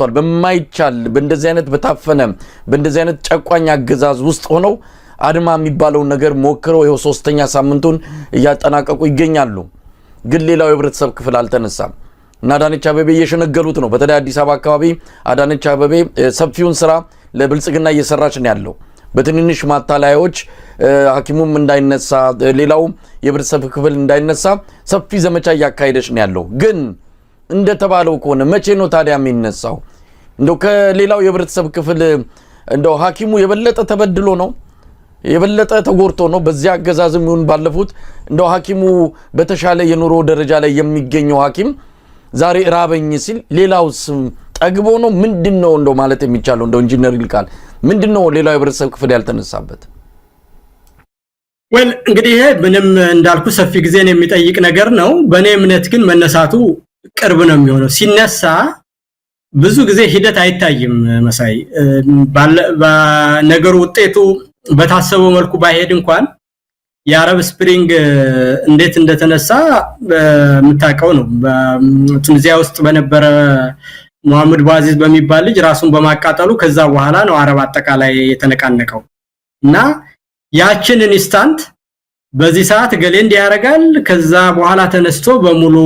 ተሰጥቷል። በማይቻል በእንደዚህ አይነት በታፈነ በእንደዚህ አይነት ጨቋኝ አገዛዝ ውስጥ ሆነው አድማ የሚባለውን ነገር ሞክረው ይኸው ሶስተኛ ሳምንቱን እያጠናቀቁ ይገኛሉ። ግን ሌላው የህብረተሰብ ክፍል አልተነሳም እና አዳነች አበቤ እየሸነገሉት ነው። በተለይ አዲስ አበባ አካባቢ አዳነች አበቤ ሰፊውን ስራ ለብልጽግና እየሰራች ነው ያለው በትንንሽ ማታለያዎች ሐኪሙም እንዳይነሳ ሌላውም የህብረተሰብ ክፍል እንዳይነሳ ሰፊ ዘመቻ እያካሄደች ነው ያለው ግን እንደተባለው ከሆነ መቼ ነው ታዲያ የሚነሳው? እንደው ከሌላው የህብረተሰብ ክፍል እንደው ሐኪሙ የበለጠ ተበድሎ ነው የበለጠ ተጎርቶ ነው በዚያ አገዛዝም ይሁን ባለፉት እንደው ሐኪሙ በተሻለ የኑሮ ደረጃ ላይ የሚገኘው ሐኪም ዛሬ ራበኝ ሲል ሌላው ስም ጠግቦ ነው። ምንድን ነው እንደው ማለት የሚቻለው እንደው ኢንጂነር ይልቃል ምንድን ነው ሌላው የህብረተሰብ ክፍል ያልተነሳበት? ወል እንግዲህ ይሄ ምንም እንዳልኩ ሰፊ ጊዜን የሚጠይቅ ነገር ነው። በእኔ እምነት ግን መነሳቱ ቅርብ ነው የሚሆነው። ሲነሳ ብዙ ጊዜ ሂደት አይታይም። መሳይ ነገሩ ውጤቱ በታሰበው መልኩ ባይሄድ እንኳን የአረብ ስፕሪንግ እንዴት እንደተነሳ የምታውቀው ነው። ቱኒዚያ ውስጥ በነበረ ሙሐመድ ባዚዝ በሚባል ልጅ ራሱን በማቃጠሉ ከዛ በኋላ ነው አረብ አጠቃላይ የተነቃነቀው እና ያችንን ኢንስታንት በዚህ ሰዓት ገሌ እንዲያረጋል ከዛ በኋላ ተነስቶ በሙሉ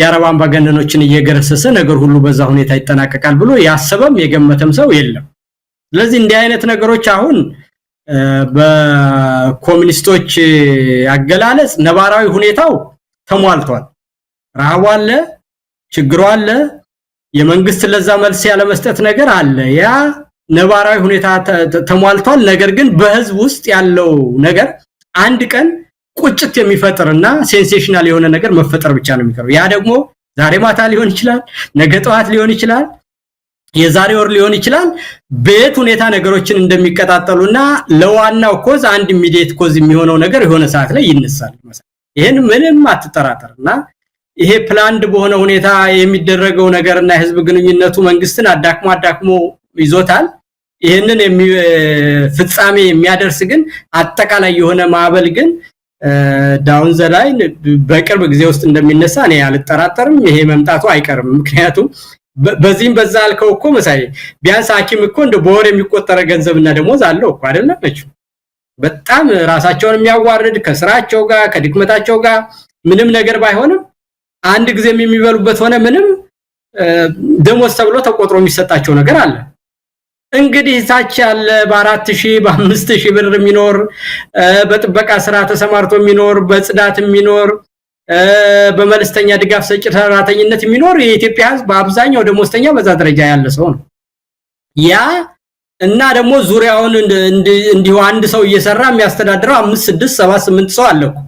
የአረብ አምባገነኖችን እየገረሰሰ ነገር ሁሉ በዛ ሁኔታ ይጠናቀቃል ብሎ ያሰበም የገመተም ሰው የለም። ስለዚህ እንዲህ አይነት ነገሮች አሁን በኮሚኒስቶች አገላለጽ ነባራዊ ሁኔታው ተሟልቷል። ረሃቡ አለ፣ ችግሩ አለ፣ የመንግስት ለዛ መልስ ያለመስጠት ነገር አለ። ያ ነባራዊ ሁኔታ ተሟልቷል። ነገር ግን በህዝብ ውስጥ ያለው ነገር አንድ ቀን ቁጭት የሚፈጥርና ሴንሴሽናል የሆነ ነገር መፈጠር ብቻ ነው የሚቀረው። ያ ደግሞ ዛሬ ማታ ሊሆን ይችላል፣ ነገ ጠዋት ሊሆን ይችላል፣ የዛሬ ወር ሊሆን ይችላል። በየት ሁኔታ ነገሮችን እንደሚቀጣጠሉና ለዋናው ኮዝ አንድ ኢሚዲየት ኮዝ የሚሆነው ነገር የሆነ ሰዓት ላይ ይነሳል። ይህን ምንም አትጠራጠርና ይሄ ፕላንድ በሆነ ሁኔታ የሚደረገው ነገርና የህዝብ ግንኙነቱ መንግስትን አዳክሞ አዳክሞ ይዞታል። ይህንን ፍጻሜ የሚያደርስ ግን አጠቃላይ የሆነ ማዕበል ግን ዳውን ዘ ላይን በቅርብ ጊዜ ውስጥ እንደሚነሳ እኔ አልጠራጠርም። ይሄ መምጣቱ አይቀርም። ምክንያቱም በዚህም በዛ አልከው እኮ መሳይ ቢያንስ ሐኪም እኮ እንደ በወር የሚቆጠረ ገንዘብና ደሞዝ አለው እኮ አይደለም። በጣም ራሳቸውን የሚያዋርድ ከስራቸው ጋር ከድክመታቸው ጋር ምንም ነገር ባይሆንም አንድ ጊዜም የሚበሉበት ሆነ ምንም ደሞዝ ተብሎ ተቆጥሮ የሚሰጣቸው ነገር አለ። እንግዲህ ታች ያለ በአራት ሺህ በአምስት ሺህ ብር የሚኖር በጥበቃ ስራ ተሰማርቶ የሚኖር በጽዳት የሚኖር በመለስተኛ ድጋፍ ሰጪ ሰራተኝነት የሚኖር የኢትዮጵያ ሕዝብ በአብዛኛው ደሞዝተኛ በዛ ደረጃ ያለ ሰው ነው። ያ እና ደግሞ ዙሪያውን እንዲሁ አንድ ሰው እየሰራ የሚያስተዳድረው አምስት ስድስት ሰባት ስምንት ሰው አለ እኮ።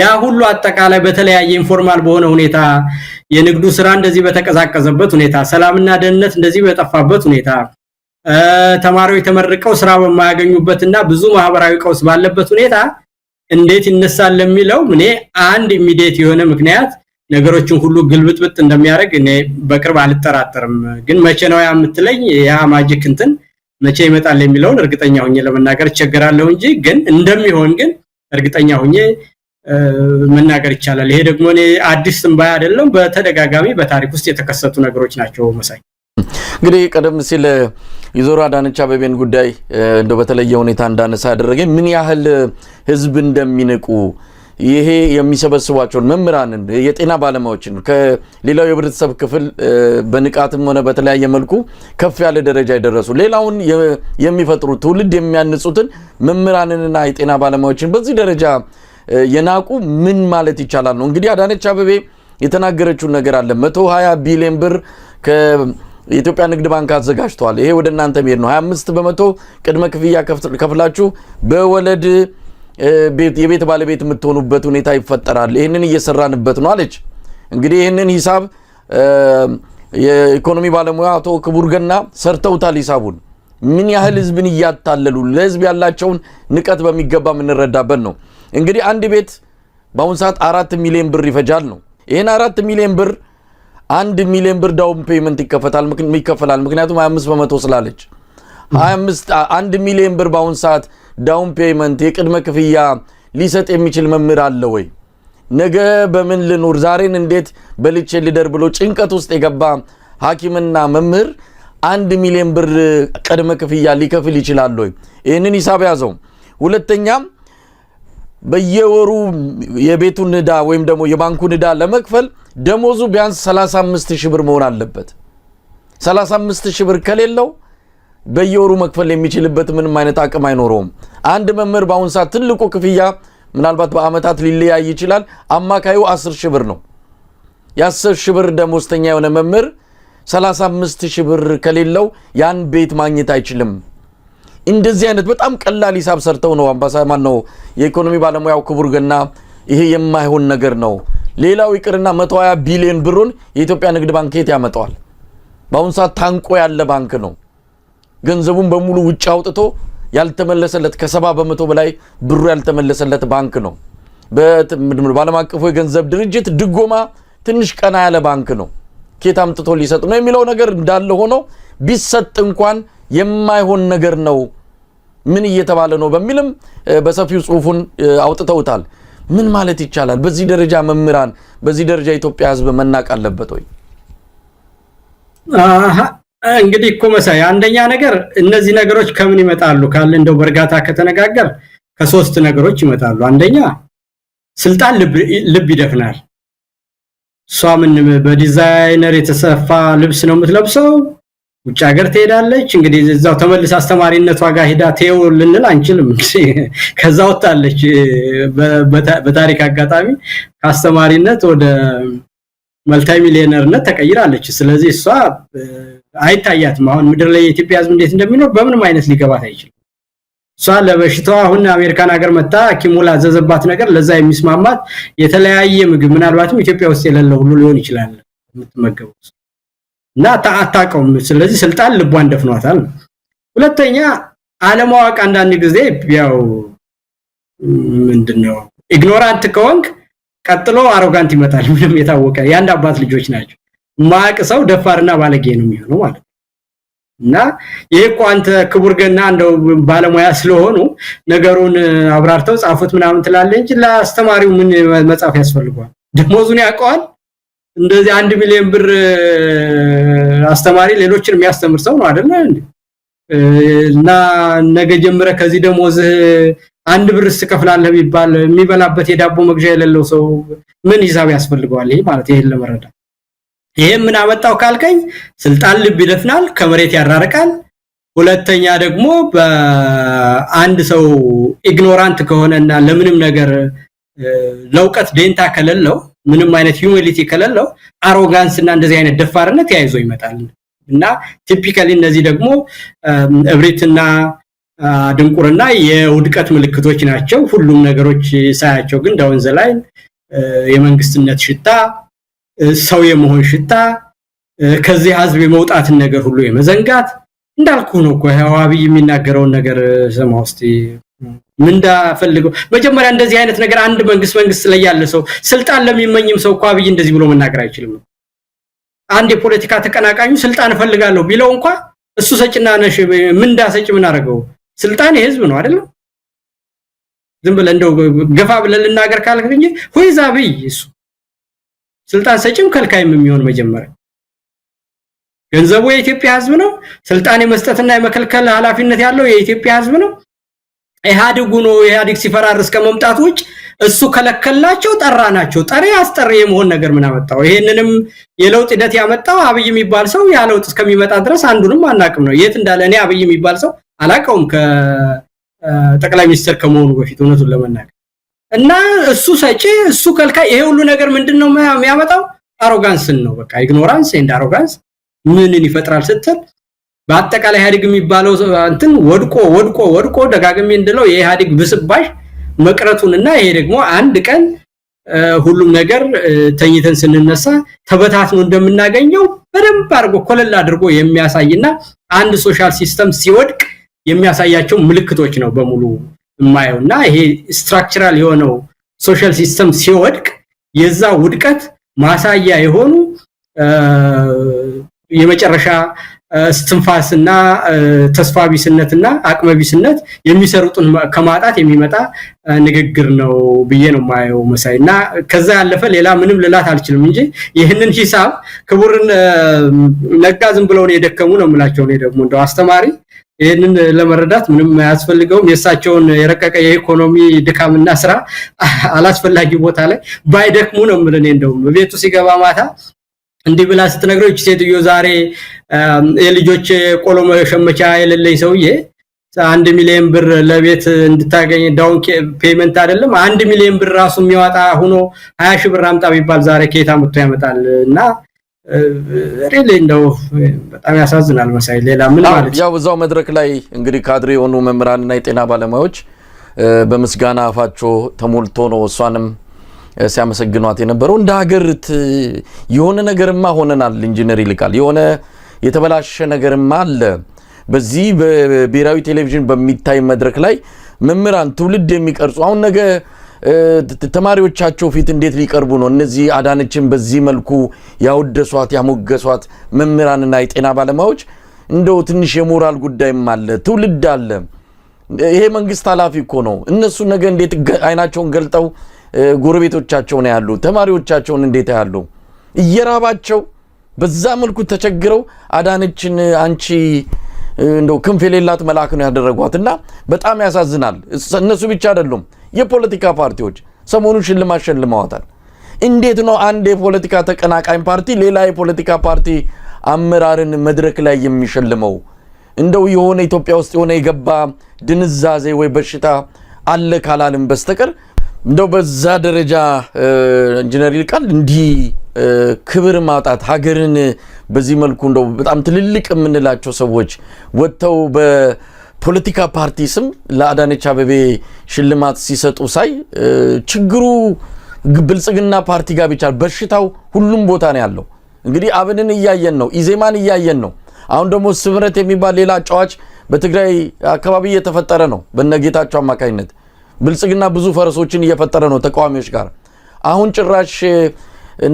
ያ ሁሉ አጠቃላይ በተለያየ ኢንፎርማል በሆነ ሁኔታ የንግዱ ስራ እንደዚህ በተቀዛቀዘበት ሁኔታ፣ ሰላምና ደህንነት እንደዚህ በጠፋበት ሁኔታ ተማሪዎች ተመርቀው ስራ በማያገኙበትና ብዙ ማህበራዊ ቀውስ ባለበት ሁኔታ እንዴት ይነሳል ለሚለው እኔ አንድ ኢሚዲየት የሆነ ምክንያት ነገሮችን ሁሉ ግልብጥብጥ እንደሚያደርግ እኔ በቅርብ አልጠራጠርም። ግን መቼ ነው ያ የምትለኝ ያ ማጂክ እንትን መቼ ይመጣል የሚለውን እርግጠኛ ሁኜ ለመናገር እቸገራለሁ እንጂ ግን እንደሚሆን ግን እርግጠኛ ሁኜ መናገር ይቻላል። ይሄ ደግሞ እኔ አዲስ ትንበያ አይደለም። በተደጋጋሚ በታሪክ ውስጥ የተከሰቱ ነገሮች ናቸው መሳይ እንግዲህ ቀደም ሲል የዞሮ አዳነች አበቤን ጉዳይ እንደ በተለየ ሁኔታ እንዳነሳ ያደረገኝ ምን ያህል ህዝብ እንደሚንቁ ይሄ የሚሰበስቧቸውን መምህራንን፣ የጤና ባለሙያዎችን ከሌላው የህብረተሰብ ክፍል በንቃትም ሆነ በተለያየ መልኩ ከፍ ያለ ደረጃ የደረሱ ሌላውን የሚፈጥሩት ትውልድ የሚያንጹትን መምህራንንና የጤና ባለሙያዎችን በዚህ ደረጃ የናቁ ምን ማለት ይቻላል ነው። እንግዲህ አዳነች አበቤ የተናገረችውን ነገር አለ መቶ ቢሊዮን ብር የኢትዮጵያ ንግድ ባንክ አዘጋጅቷል ይሄ ወደ እናንተ መሄድ ነው። 25 በመቶ ቅድመ ክፍያ ከፍላችሁ በወለድ የቤት ባለቤት የምትሆኑበት ሁኔታ ይፈጠራል። ይህንን እየሰራንበት ነው አለች። እንግዲህ ይህንን ሂሳብ የኢኮኖሚ ባለሙያ አቶ ክቡር ገና ሰርተውታል። ሂሳቡን ምን ያህል ህዝብን እያታለሉ ለህዝብ ያላቸውን ንቀት በሚገባ የምንረዳበት ነው። እንግዲህ አንድ ቤት በአሁኑ ሰዓት አራት ሚሊዮን ብር ይፈጃል ነው። ይህን አራት ሚሊዮን ብር አንድ ሚሊዮን ብር ዳውን ፔመንት ይከፈታል ይከፈላል። ምክንያቱም 25 በመቶ ስላለች 25 አንድ ሚሊዮን ብር በአሁን ሰዓት ዳውን ፔመንት የቅድመ ክፍያ ሊሰጥ የሚችል መምህር አለ ወይ? ነገ በምን ልኑር ዛሬን እንዴት በልቼ ልደር ብሎ ጭንቀት ውስጥ የገባ ሐኪምና መምህር አንድ ሚሊዮን ብር ቅድመ ክፍያ ሊከፍል ይችላል ወይ? ይህንን ሂሳብ ያዘው። ሁለተኛም በየወሩ የቤቱን ዕዳ ወይም ደግሞ የባንኩን ዕዳ ለመክፈል ደሞዙ ቢያንስ 35 ሺህ ብር መሆን አለበት። 35 ሺህ ብር ከሌለው በየወሩ መክፈል የሚችልበት ምንም አይነት አቅም አይኖረውም። አንድ መምህር በአሁኑ ሰዓት ትልቁ ክፍያ ምናልባት በአመታት ሊለያይ ይችላል። አማካዩ 10 ሺህ ብር ነው። የ10 ሺህ ብር ደሞዝተኛ የሆነ መምህር 35 ሺህ ብር ከሌለው ያን ቤት ማግኘት አይችልም። እንደዚህ አይነት በጣም ቀላል ሂሳብ ሰርተው ነው አምባሳ ማን ነው የኢኮኖሚ ባለሙያው ክቡር ገና ይሄ የማይሆን ነገር ነው ሌላው ይቅርና 120 ቢሊዮን ብሩን የኢትዮጵያ ንግድ ባንክ የት ያመጣዋል? በአሁኑ ሰዓት ታንቆ ያለ ባንክ ነው። ገንዘቡን በሙሉ ውጭ አውጥቶ ያልተመለሰለት ከሰባ በመቶ በላይ ብሩ ያልተመለሰለት ባንክ ነው። በዓለም አቀፉ የገንዘብ ድርጅት ድጎማ ትንሽ ቀና ያለ ባንክ ነው። ኬት አምጥቶ ሊሰጥ ነው የሚለው ነገር እንዳለ ሆኖ ቢሰጥ እንኳን የማይሆን ነገር ነው። ምን እየተባለ ነው በሚልም በሰፊው ጽሑፉን አውጥተውታል። ምን ማለት ይቻላል? በዚህ ደረጃ መምህራን፣ በዚህ ደረጃ የኢትዮጵያ ህዝብ መናቅ አለበት ወይ? እንግዲህ እኮ መሳይ፣ አንደኛ ነገር እነዚህ ነገሮች ከምን ይመጣሉ ካለ እንደው በእርጋታ ከተነጋገር ከሶስት ነገሮች ይመጣሉ። አንደኛ ስልጣን ልብ ይደፍናል። እሷ ምን በዲዛይነር የተሰፋ ልብስ ነው የምትለብሰው ውጭ ሀገር ትሄዳለች። እንግዲህ እዛው ተመልስ አስተማሪነት ዋጋ ሄዳ ቴው ልንል አንችልም። ከዛ ወጣለች። በታሪክ አጋጣሚ ከአስተማሪነት ወደ መልታይ ሚሊዮነርነት ተቀይራለች። ስለዚህ እሷ አይታያትም። አሁን ምድር ላይ የኢትዮጵያ ሕዝብ እንዴት እንደሚኖር በምንም አይነት ሊገባት አይችልም። እሷ ለበሽታዋ አሁን አሜሪካን ሀገር መታ ሐኪሙ ላዘዘባት ነገር ለዛ የሚስማማት የተለያየ ምግብ ምናልባትም ኢትዮጵያ ውስጥ የሌለ ሁሉ ሊሆን ይችላል የምትመገቡት እና አታውቀውም። ስለዚህ ስልጣን ልቧን ደፍኗታል። ሁለተኛ አለማወቅ አንዳንድ ጊዜ ያው ምንድነው ኢግኖራንት ከሆንክ ቀጥሎ አሮጋንት ይመጣል። ምንም የታወቀ የአንድ አባት ልጆች ናቸው። ማቅ ሰው ደፋርና ባለጌ ነው የሚሆነው ማለት ነው። እና ይህ እኮ አንተ ክቡር ገና እንደው ባለሙያ ስለሆኑ ነገሩን አብራርተው ጻፉት ምናምን ትላለህ እንጂ ለአስተማሪው ምን መጻፍ ያስፈልገዋል? ደሞዙን ያውቀዋል። እንደዚህ አንድ ሚሊዮን ብር አስተማሪ ሌሎችን የሚያስተምር ሰው ነው አይደለ እና ነገ ጀምረ ከዚህ ደሞዝህ አንድ ብር ስከፍላለህ ቢባል የሚበላበት የዳቦ መግዣ የሌለው ሰው ምን ሂሳብ ያስፈልገዋል? ይሄ ማለት ይሄን ለመረዳ ይሄ ምን አመጣው ካልከኝ ስልጣን ልብ ይደፍናል፣ ከመሬት ያራርቃል። ሁለተኛ ደግሞ በአንድ ሰው ኢግኖራንት ከሆነና ለምንም ነገር ለእውቀት ዴንታ ከሌለው ምንም አይነት ሂዩሚሊቲ ከሌለው አሮጋንስ እና እንደዚህ አይነት ደፋርነት ተያይዞ ይመጣል እና ቲፒካሊ እነዚህ ደግሞ እብሪትና ድንቁርና የውድቀት ምልክቶች ናቸው። ሁሉም ነገሮች ሳያቸው ግን ዘ ላይን የመንግስትነት ሽታ፣ ሰው የመሆን ሽታ፣ ከዚህ ህዝብ የመውጣትን ነገር ሁሉ የመዘንጋት እንዳልኩ ነው እኮ አብይ የሚናገረውን ነገር ስማ ውስጥ ምን እንዳፈልገው መጀመሪያ እንደዚህ አይነት ነገር አንድ መንግስት መንግስት ላይ ያለ ሰው ስልጣን ለሚመኝም ሰው እኮ አብይ እንደዚህ ብሎ መናገር አይችልም። አንድ የፖለቲካ ተቀናቃኙ ስልጣን እፈልጋለሁ ቢለው እንኳ እሱ ሰጭና ነሽ ምንዳ ሰጭ ምን አደረገው? ስልጣን የህዝብ ነው አይደለም? ዝም ብለህ እንደው ገፋ ብለህ ልናገር ካልክ እንጂ ሁይዛ አብይ እሱ ስልጣን ሰጭም ከልካይም የሚሆን መጀመሪያ ገንዘቡ የኢትዮጵያ ህዝብ ነው። ስልጣን የመስጠትና የመከልከል ኃላፊነት ያለው የኢትዮጵያ ህዝብ ነው። ኢህአዴግ ሆኖ ኢህአዴግ ሲፈራርስ ከመምጣት ውጭ እሱ ከለከላቸው ጠራ ናቸው ጠሪ አስጠሪ የመሆን ነገር ምን አመጣው? ይሄንንም የለውጥ ሂደት ያመጣው አብይ የሚባል ሰው ያ ለውጥ እስከሚመጣ ድረስ አንዱንም አናቅም ነው የት እንዳለ። እኔ አብይ የሚባል ሰው አላቀውም ከጠቅላይ ሚኒስትር ከመሆኑ በፊት እውነቱን ለመናገር እና እሱ ሰጪ እሱ ከልካይ ይሄ ሁሉ ነገር ምንድን ነው የሚያመጣው? አሮጋንስን ነው በቃ ኢግኖራንስ ኤንድ አሮጋንስ ምንን ይፈጥራል ስትል በአጠቃላይ ኢህአዴግ የሚባለው እንትን ወድቆ ወድቆ ወድቆ ደጋግሜ እንድለው የኢህአዴግ ብስባሽ እና ይሄ ደግሞ አንድ ቀን ሁሉም ነገር ተኝተን ስንነሳ ተበታትኖ እንደምናገኘው በደንብ አድርጎ ኮለል አድርጎ የሚያሳይና አንድ ሶሻል ሲስተም ሲወድቅ የሚያሳያቸው ምልክቶች ነው በሙሉ የማየው እና ይሄ ስትራክቸራል የሆነው ሶሻል ሲስተም ሲወድቅ የዛ ውድቀት ማሳያ የሆኑ የመጨረሻ ስትንፋስና ተስፋ ቢስነትና አቅመ ቢስነት የሚሰሩትን ከማጣት የሚመጣ ንግግር ነው ብዬ ነው ማየው መሳይ። እና ከዛ ያለፈ ሌላ ምንም ልላት አልችልም እንጂ ይህንን ሂሳብ ክቡርን ነጋ ዝም ብለውን የደከሙ ነው የምላቸው። እኔ ደግሞ እንደው አስተማሪ ይህንን ለመረዳት ምንም አያስፈልገውም። የእሳቸውን የረቀቀ የኢኮኖሚ ድካምና ስራ አላስፈላጊ ቦታ ላይ ባይደክሙ ነው የምልህ። እኔ እንደውም ቤቱ ሲገባ ማታ እንዲህ ብላ ስትነግረው ይች ሴትዮ ዛሬ የልጆች ቆሎ መሸመቻ የሌለኝ ሰውዬ አንድ ሚሊዮን ብር ለቤት እንድታገኝ ዳውን ፔመንት አይደለም አንድ ሚሊዮን ብር ራሱ የሚያወጣ ሆኖ 20 ሺህ ብር አምጣ ቢባል ዛሬ ከየት አምጥቶ ያመጣል? እና ሪሊ እንደው በጣም ያሳዝናል። መሳይ ሌላ ምን ማለት ያው እዛው መድረክ ላይ እንግዲህ ካድሬ የሆኑ መምህራንና የጤና ባለሙያዎች በምስጋና አፋቸው ተሞልቶ ነው እሷንም ሲያመሰግኗት የነበረው። እንደ ሀገር የሆነ ነገርማ ሆነናል። ኢንጂነር ይልቃል የሆነ የተበላሸ ነገርም አለ። በዚህ በብሔራዊ ቴሌቪዥን በሚታይ መድረክ ላይ መምህራን ትውልድ የሚቀርጹ አሁን ነገ ተማሪዎቻቸው ፊት እንዴት ሊቀርቡ ነው? እነዚህ አዳነችን በዚህ መልኩ ያወደሷት ያሞገሷት መምህራንና የጤና ባለሙያዎች እንደው ትንሽ የሞራል ጉዳይም አለ፣ ትውልድ አለ። ይሄ መንግስት ኃላፊ እኮ ነው። እነሱ ነገ እንዴት አይናቸውን ገልጠው ጎረቤቶቻቸውን ያሉ ተማሪዎቻቸውን እንዴት ያሉ እየራባቸው በዛ መልኩ ተቸግረው አዳነችን አንቺ እንደው ክንፍ የሌላት መልአክ ነው ያደረጓት እና በጣም ያሳዝናል። እነሱ ብቻ አይደሉም፣ የፖለቲካ ፓርቲዎች ሰሞኑን ሽልማት ሸልመዋታል። እንዴት ነው አንድ የፖለቲካ ተቀናቃኝ ፓርቲ ሌላ የፖለቲካ ፓርቲ አመራርን መድረክ ላይ የሚሸልመው? እንደው የሆነ ኢትዮጵያ ውስጥ የሆነ የገባ ድንዛዜ ወይ በሽታ አለ ካላልን በስተቀር እንደው በዛ ደረጃ ኢንጂነር ይልቃል እንዲህ ክብር ማጣት ሀገርን በዚህ መልኩ እንደው በጣም ትልልቅ የምንላቸው ሰዎች ወጥተው በፖለቲካ ፓርቲ ስም ለአዳነች አበቤ ሽልማት ሲሰጡ ሳይ ችግሩ ብልጽግና ፓርቲ ጋር ብቻ በሽታው ሁሉም ቦታ ነው ያለው። እንግዲህ አብንን እያየን ነው፣ ኢዜማን እያየን ነው። አሁን ደግሞ ስምረት የሚባል ሌላ አጫዋች በትግራይ አካባቢ እየተፈጠረ ነው በነጌታቸው አማካኝነት። ብልጽግና ብዙ ፈረሶችን እየፈጠረ ነው ተቃዋሚዎች ጋር አሁን ጭራሽ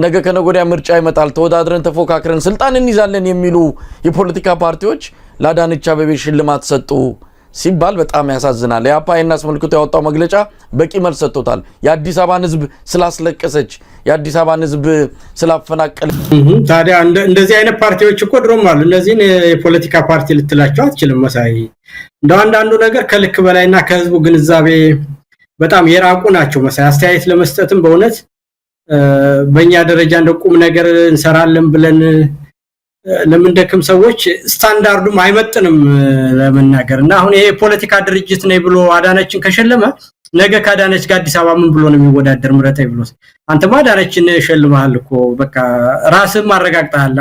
ነገ ከነጎዳ ምርጫ ይመጣል፣ ተወዳድረን ተፎካክረን ስልጣን እንይዛለን የሚሉ የፖለቲካ ፓርቲዎች ለአዳነች አቤቤ ሽልማት ሰጡ ሲባል በጣም ያሳዝናል። የአፓይን አስመልክቶ ያወጣው መግለጫ በቂ መልስ ሰጥቶታል። የአዲስ አበባን ህዝብ ስላስለቀሰች፣ የአዲስ አበባን ህዝብ ስላፈናቀለ። ታዲያ እንደዚህ አይነት ፓርቲዎች እኮ ድሮም አሉ። እነዚህን የፖለቲካ ፓርቲ ልትላቸው አትችልም። መሳይ እንደ አንዳንዱ ነገር ከልክ በላይና ከህዝቡ ግንዛቤ በጣም የራቁ ናቸው። መሳይ አስተያየት ለመስጠትም በእውነት በእኛ ደረጃ እንደ ቁም ነገር እንሰራለን ብለን ለምንደክም ሰዎች ስታንዳርዱም አይመጥንም ለመናገር እና አሁን ይሄ የፖለቲካ ድርጅት ነው ብሎ አዳነችን ከሸለመ ነገ ከአዳነች ጋር አዲስ አበባ ምን ብሎ ነው የሚወዳደር? ምረታ ብሎ አንተማ አዳነችን ሸልመሃል እኮ በቃ ራስህም አረጋግጠሃል።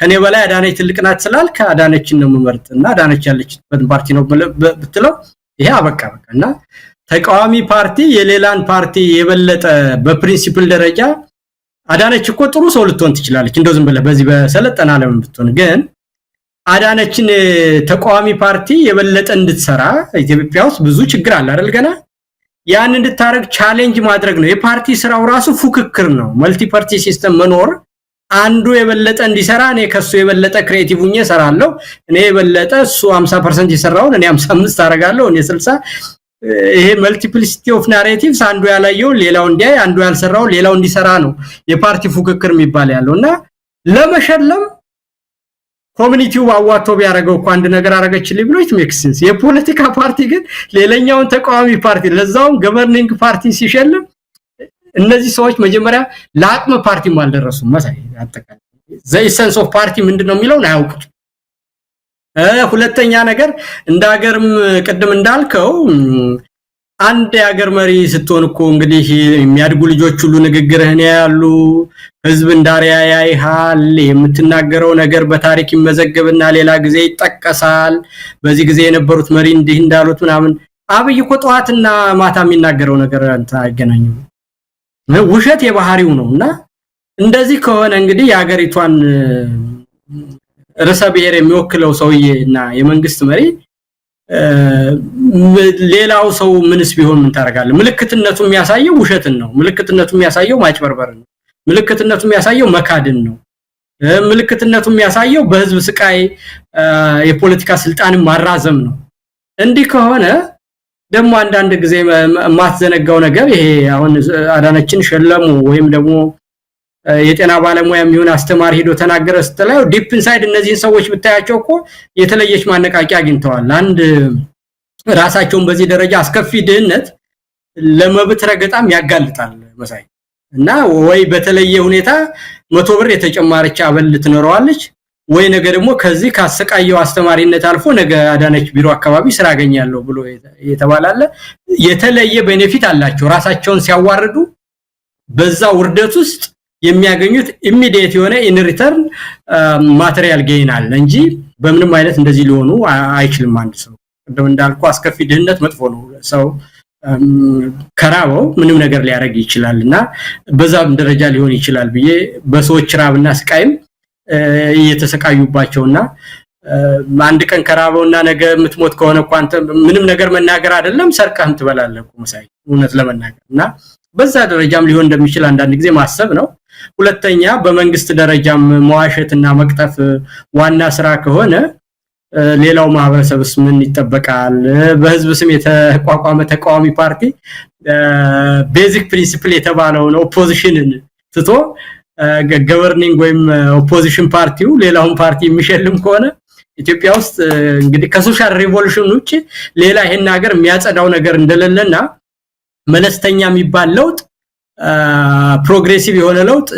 ከኔ በላይ አዳነች ትልቅ ናት ስላልክ አዳነችን ነው የምመርጥ እና አዳነች ያለችበት ፓርቲ ነው ብትለው ይሄ አበቃ በቃ እና ተቃዋሚ ፓርቲ የሌላን ፓርቲ የበለጠ በፕሪንሲፕል ደረጃ አዳነች እኮ ጥሩ ሰው ልትሆን ትችላለች። እንደው ዝም ብለህ በዚህ በሰለጠና ዓለም ብትሆን ግን አዳነችን ተቃዋሚ ፓርቲ የበለጠ እንድትሰራ ኢትዮጵያ ውስጥ ብዙ ችግር አለ አይደል? ገና ያን እንድታደርግ ቻሌንጅ ማድረግ ነው። የፓርቲ ስራው ራሱ ፉክክር ነው። መልቲ ፓርቲ ሲስተም መኖር አንዱ የበለጠ እንዲሰራ እኔ ከሱ የበለጠ ክሬቲቭ ሁኜ እሰራለሁ። እኔ የበለጠ እሱ 50% የሰራውን እኔ 55 አደርጋለሁ። እኔ 60 ይሄ መልቲፕሊሲቲ ኦፍ ናሬቲቭስ አንዱ ያላየው ሌላው እንዲያይ፣ አንዱ ያልሰራው ሌላው እንዲሰራ ነው የፓርቲ ፉክክር የሚባል ያለው እና ለመሸለም ኮሚኒቲው አዋቶ ቢያደርገው እኮ አንድ ነገር አደረገችልኝ ብሎ ኢት ሜክስ ሴንስ። የፖለቲካ ፓርቲ ግን ሌላኛውን ተቃዋሚ ፓርቲ ለዛውም ገቨርኒንግ ፓርቲ ሲሸልም እነዚህ ሰዎች መጀመሪያ ለአቅመ ፓርቲም አልደረሱም። መሳይ አጠቃላይ ዘ ኢሰንስ ኦፍ ፓርቲ ምንድን ነው የሚለውን አያውቁት። ሁለተኛ ነገር እንደ ሀገርም ቅድም እንዳልከው አንድ የሀገር መሪ ስትሆን እኮ እንግዲህ የሚያድጉ ልጆች ሁሉ ንግግርህን ያሉ ህዝብ እንዳሪያ ያይሃል። የምትናገረው ነገር በታሪክ ይመዘገብና ሌላ ጊዜ ይጠቀሳል። በዚህ ጊዜ የነበሩት መሪ እንዲህ እንዳሉት ምናምን። አብይ እኮ ጠዋትና ማታ የሚናገረው ነገር አይገናኝም። ውሸት የባህሪው ነው እና እንደዚህ ከሆነ እንግዲህ የሀገሪቷን ርዕሰ ብሔር የሚወክለው ሰውዬ እና የመንግስት መሪ ሌላው ሰው ምንስ ቢሆን ምን ታደርጋለህ? ምልክትነቱ የሚያሳየው ውሸትን ነው። ምልክትነቱ የሚያሳየው ማጭበርበርን ነው። ምልክትነቱ የሚያሳየው መካድን ነው። ምልክትነቱ የሚያሳየው በህዝብ ስቃይ የፖለቲካ ስልጣንን ማራዘም ነው። እንዲህ ከሆነ ደግሞ አንዳንድ ጊዜ የማትዘነጋው ነገር ይሄ አሁን አዳነችን ሸለሙ ወይም ደግሞ የጤና ባለሙያ የሚሆን አስተማሪ ሄዶ ተናገረ ስትላዩ ዲፕ ኢንሳይድ እነዚህን ሰዎች ብታያቸው እኮ የተለየች ማነቃቂያ አግኝተዋል። አንድ ራሳቸውን በዚህ ደረጃ አስከፊ ድህነት ለመብት ረገጣም ያጋልጣል መሳይ እና ወይ በተለየ ሁኔታ መቶ ብር የተጨማረች አበል ትኖረዋለች ወይ ነገ ደግሞ ከዚህ ካሰቃየው አስተማሪነት አልፎ ነገ አዳነች ቢሮ አካባቢ ስራ አገኛለሁ ብሎ የተባላለ የተለየ ቤኔፊት አላቸው። ራሳቸውን ሲያዋርዱ በዛ ውርደት ውስጥ የሚያገኙት ኢሚዲየት የሆነ ኢን ሪተርን ማቴሪያል ጌይን አለ እንጂ በምንም አይነት እንደዚህ ሊሆኑ አይችልም። አንድ ሰው ቅድም እንዳልኩ አስከፊ ድህነት መጥፎ ነው። ሰው um, ከራበው ምንም ነገር ሊያደርግ ይችላል እና በዛም ደረጃ ሊሆን ይችላል ብዬ በሰዎች ራብና ስቃይም uh, እየተሰቃዩባቸውና uh, አንድ ቀን ከራበውና ነገ የምትሞት ከሆነ እኮ አንተ ምንም ነገር መናገር አይደለም ሰርቀህም ትበላለህ እኮ መሳይ እውነት ለመናገር እና በዛ ደረጃም ሊሆን እንደሚችል አንዳንድ ጊዜ ማሰብ ነው። ሁለተኛ በመንግስት ደረጃም መዋሸትና መቅጠፍ ዋና ስራ ከሆነ ሌላው ማህበረሰብስ ምን ይጠበቃል? በህዝብ ስም የተቋቋመ ተቃዋሚ ፓርቲ ቤዚክ ፕሪንሲፕል የተባለውን ኦፖዚሽንን ትቶ ገቨርኒንግ ወይም ኦፖዚሽን ፓርቲው ሌላውን ፓርቲ የሚሸልም ከሆነ ኢትዮጵያ ውስጥ እንግዲህ ከሶሻል ሪቮሉሽን ውጭ ሌላ ይሄን ሀገር የሚያጸዳው ነገር እንደሌለና መለስተኛ የሚባል ለውጥ ፕሮግሬሲቭ የሆነ ለውጥ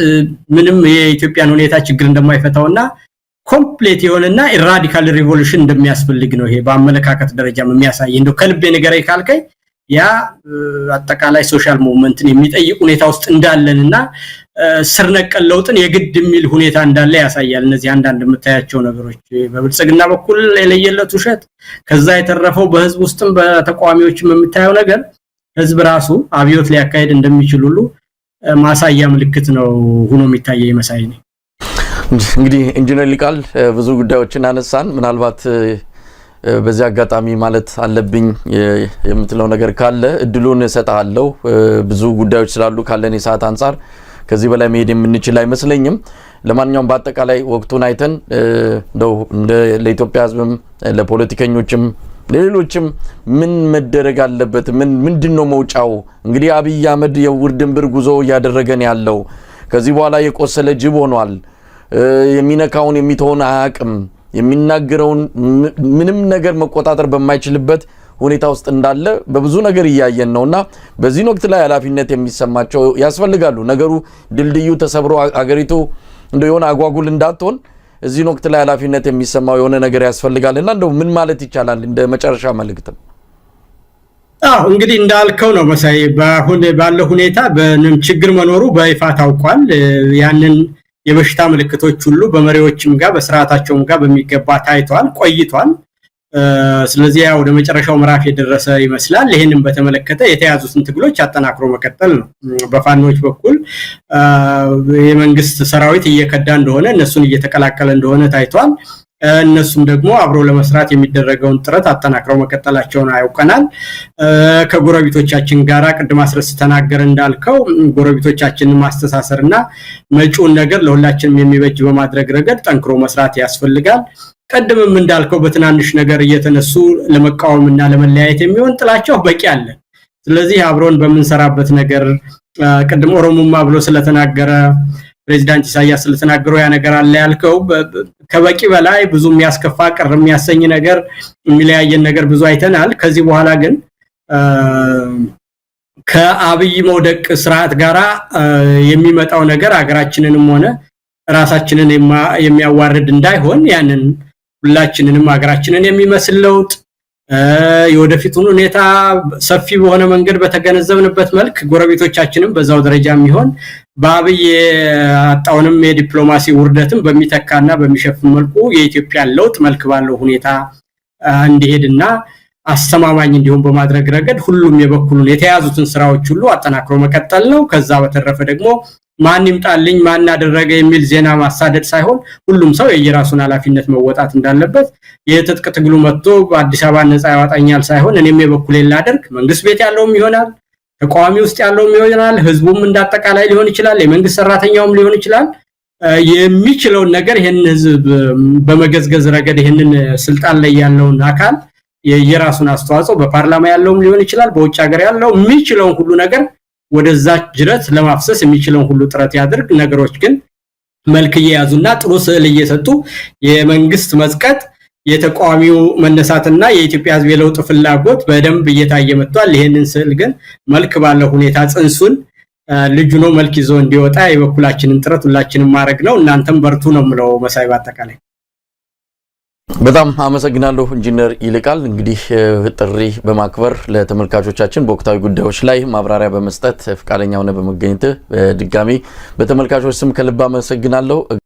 ምንም የኢትዮጵያን ሁኔታ ችግር እና ኮምፕሌት የሆነና ራዲካል ሪቮሉሽን እንደሚያስፈልግ ነው። ይሄ በአመለካከት ደረጃ የሚያሳይ እንደው ከልቤ ነገር ካልከኝ ያ አጠቃላይ ሶሻል ሙቭመንትን የሚጠይቅ ሁኔታ ውስጥ እንዳለንና ስር ስርነቀል ለውጥን የግድ የሚል ሁኔታ እንዳለ ያሳያል። እነዚህ አንዳንድ የምታያቸው ነገሮች በብልጽግና በኩል የለየለት ውሸት፣ ከዛ የተረፈው በህዝብ ውስጥም በተቃዋሚዎችም የምታየው ነገር ህዝብ ራሱ አብዮት ሊያካሄድ እንደሚችል ሁሉ ማሳያ ምልክት ነው ሆኖ የሚታየ መሳይ ነው። እንግዲህ ኢንጂነር ሊቃል ብዙ ጉዳዮችን አነሳን። ምናልባት በዚህ አጋጣሚ ማለት አለብኝ የምትለው ነገር ካለ እድሉን እሰጥሃለሁ። ብዙ ጉዳዮች ስላሉ ካለን የሰዓት አንጻር ከዚህ በላይ መሄድ የምንችል አይመስለኝም። ለማንኛውም በአጠቃላይ ወቅቱን አይተን እንደው ለኢትዮጵያ ህዝብም ለፖለቲከኞችም ለሌሎችም ምን መደረግ አለበት? ምን ምንድን ነው መውጫው? እንግዲህ አብይ አህመድ የውር ድንብር ጉዞ እያደረገን ያለው ከዚህ በኋላ የቆሰለ ጅብ ሆኗል። የሚነካውን የሚተውን አያቅም። የሚናገረውን ምንም ነገር መቆጣጠር በማይችልበት ሁኔታ ውስጥ እንዳለ በብዙ ነገር እያየን ነውና በዚህን ወቅት ላይ ኃላፊነት የሚሰማቸው ያስፈልጋሉ። ነገሩ ድልድዩ ተሰብሮ አገሪቱ እንደ የሆነ አጓጉል እንዳትሆን እዚህን ወቅት ላይ ኃላፊነት የሚሰማው የሆነ ነገር ያስፈልጋል እና እንደው ምን ማለት ይቻላል? እንደ መጨረሻ መልእክትም አዎ እንግዲህ እንዳልከው ነው መሳይ። በአሁን ባለው ሁኔታ ችግር መኖሩ በይፋ ታውቋል። ያንን የበሽታ ምልክቶች ሁሉ በመሪዎችም ጋር በስርዓታቸውም ጋር በሚገባ ታይቷል ቆይቷል። ስለዚህ ወደ መጨረሻው ምዕራፍ የደረሰ ይመስላል። ይህንም በተመለከተ የተያዙትን ትግሎች አጠናክሮ መቀጠል ነው። በፋኖች በኩል የመንግስት ሰራዊት እየከዳ እንደሆነ እነሱን እየተቀላቀለ እንደሆነ ታይቷል። እነሱም ደግሞ አብሮ ለመስራት የሚደረገውን ጥረት አጠናክረው መቀጠላቸውን አያውቀናል። ከጎረቤቶቻችን ጋር ቅድም አስረስ ተናገር እንዳልከው ጎረቤቶቻችንን እና መጪውን ነገር ለሁላችንም የሚበጅ በማድረግ ረገድ ጠንክሮ መስራት ያስፈልጋል። ቀድምም እንዳልከው በትናንሽ ነገር እየተነሱ እና ለመለያየት የሚሆን ጥላቸው በቂ አለን። ስለዚህ አብሮን በምንሰራበት ነገር ቅድም ኦሮሞማ ብሎ ስለተናገረ ፕሬዚዳንት ኢሳያስ ስለተናገረው ያ ነገር አለ ያልከው ከበቂ በላይ ብዙ የሚያስከፋ ቅር የሚያሰኝ ነገር የሚለያየን ነገር ብዙ አይተናል። ከዚህ በኋላ ግን ከአብይ መውደቅ ስርዓት ጋራ የሚመጣው ነገር ሀገራችንንም ሆነ ራሳችንን የሚያዋርድ እንዳይሆን ያንን ሁላችንንም ሀገራችንን የሚመስል ለውጥ የወደፊቱን ሁኔታ ሰፊ በሆነ መንገድ በተገነዘብንበት መልክ ጎረቤቶቻችንም በዛው ደረጃ የሚሆን በአብይ አጣውንም የዲፕሎማሲ ውርደትም በሚተካና በሚሸፍን መልኩ የኢትዮጵያን ለውጥ መልክ ባለው ሁኔታ እንዲሄድና አስተማማኝ እንዲሁም በማድረግ ረገድ ሁሉም የበኩሉን የተያዙትን ስራዎች ሁሉ አጠናክሮ መቀጠል ነው። ከዛ በተረፈ ደግሞ ማን ይምጣልኝ ማን አደረገ የሚል ዜና ማሳደድ ሳይሆን ሁሉም ሰው የየራሱን ኃላፊነት መወጣት እንዳለበት የትጥቅ ትግሉ መጥቶ አዲስ አበባ ነፃ ያወጣኛል ሳይሆን እኔም የበኩሌን ላደርግ መንግስት ቤት ያለውም ይሆናል ተቃዋሚ ውስጥ ያለውም ይሆናል ህዝቡም እንዳጠቃላይ ሊሆን ይችላል የመንግስት ሰራተኛውም ሊሆን ይችላል የሚችለውን ነገር ይህን ህዝብ በመገዝገዝ ረገድ ይህንን ስልጣን ላይ ያለውን አካል የየራሱን አስተዋጽኦ በፓርላማ ያለውም ሊሆን ይችላል በውጭ ሀገር ያለው የሚችለውን ሁሉ ነገር ወደዛ ጅረት ለማፍሰስ የሚችለውን ሁሉ ጥረት ያድርግ። ነገሮች ግን መልክ እየያዙና ጥሩ ስዕል እየሰጡ የመንግስት መዝቀጥ የተቃዋሚው መነሳትና የኢትዮጵያ ሕዝብ የለውጥ ፍላጎት በደንብ እየታየ መጥቷል። ይህንን ስዕል ግን መልክ ባለው ሁኔታ ጽንሱን ልጁ ነው መልክ ይዞ እንዲወጣ የበኩላችንን ጥረት ሁላችንም ማድረግ ነው። እናንተም በርቱ ነው የምለው መሳይ በአጠቃላይ በጣም አመሰግናለሁ ኢንጂነር ይልቃል። እንግዲህ ጥሪ በማክበር ለተመልካቾቻችን በወቅታዊ ጉዳዮች ላይ ማብራሪያ በመስጠት ፈቃደኛ ሆነ በመገኘትህ ድጋሚ በተመልካቾች ስም ከልብ አመሰግናለሁ።